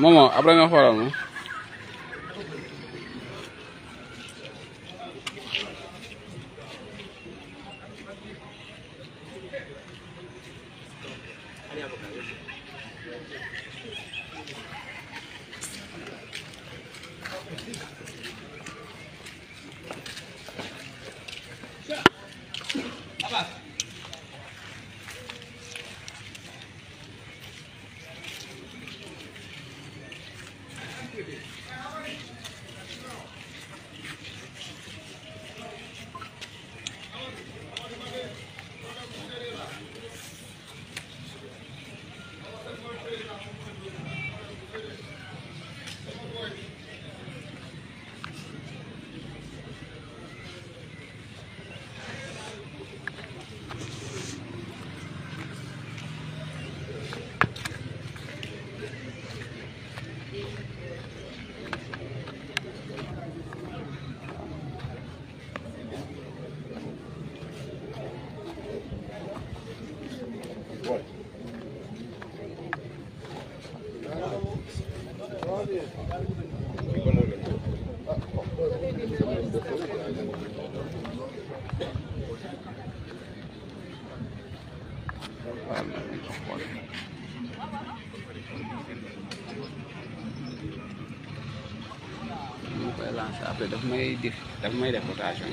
Momo, ábreme afuera, ¿no? Thank What? mu koy lancer après daf may def daf may def rotation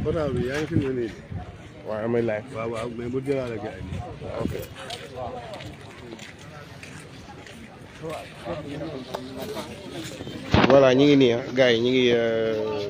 Fara bi yaa ngi fi mu ne ñu ngi nii ah yi ñu ngi euh,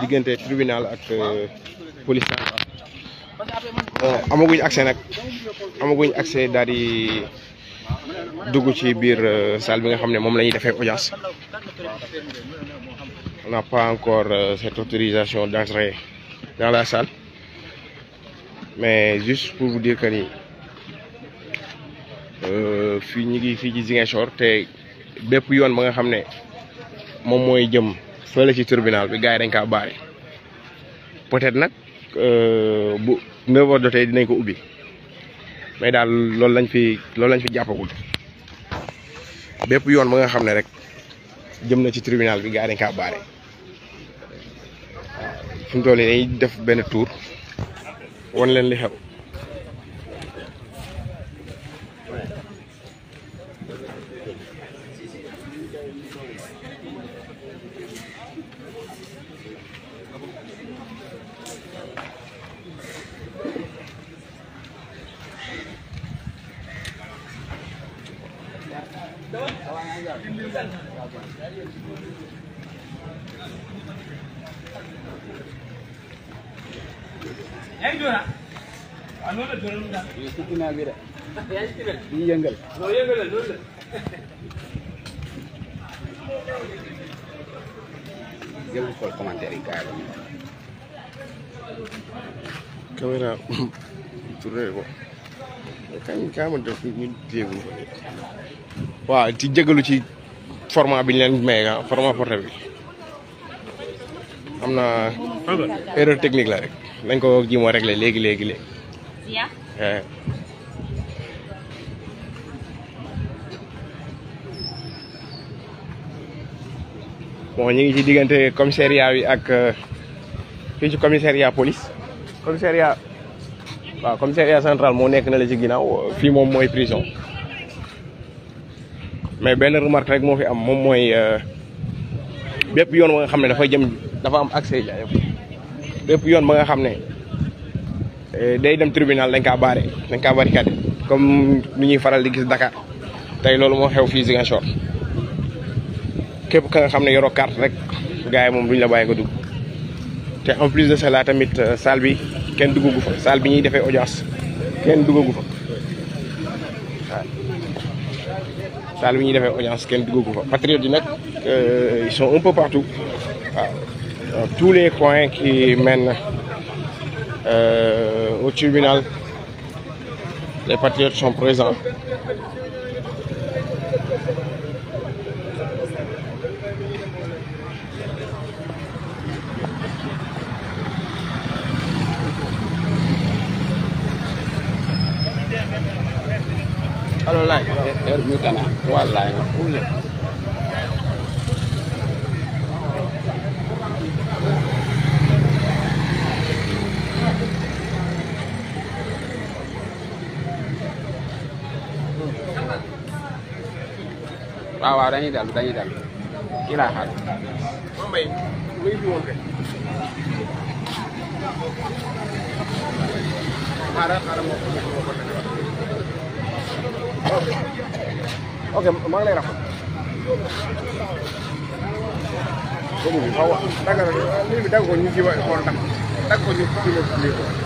diggante tribunal ak euh, police. Euh, amaguñ accès nag amaguñ accès daal dugg ci biir salle bi nga xam ne moom la defee audience. on n'a pas encore cette autorisation d'entrée. dans la salle mais juste pour vous dire que ni euh, fii ñu ngi fii ci Ziguinchor te bépp yoon ba nga xam ne moom mooy jëm fële ci tribunal bi gars yi dañ kaa baare peut-être nag euh, bu 9 heures jotee dinañ ko ubbi mais daal loolu lañ fi loolu lañ fi jàppagul bépp yoon ba nga xam ne rek jëm na ci tribunal bi gars yi dañ kaa baare fi mu toll nii dañuy def benn tour wan leen li xew Thank you. ಈ ಅಂಗಲ್ kamera turere format format portable erreur technique la rek nañ ko ji moo réglé léegi léegi léegi. moo bon ñu ngi ci diggante commissariat bi ak euh, fii ci commissariat police commissariat waaw commissariat central moo nekk na la ci ginnaaw fii moom mooy prison mais benn remarque rek moo fi am moom mooy euh, bépp yoon wa nga xam ne dafa jëm dafa am accès bépp yoon ba nga xam ne eh, day dem tribunal dañ kaa baare dañ kaa barricade comme nu ñuy faral di gis Dakar tey loolu moo xew fii Ziguinchor képp ka nga xam ne yoro carte rek gars yi moom duñ la bàyyi nga dugg te en plus de cela tamit euh, salle bi kenn duggagu fa salle bi ñuy defee audience kenn duggu fa waaw bi ñuy defee audience kenn duggagu fa patriotes di nag euh, ils un peu partout waaw tous les coins qui mènent euh, au tribunal. Les patriotes sont présents. bawa dan idal dan idal ila hal mamai muy bi wonke para para mo ok mang lay rafa ko mu fawa daga ni mi daga ko ñu ci wa ko tam dag ko ñu ci ko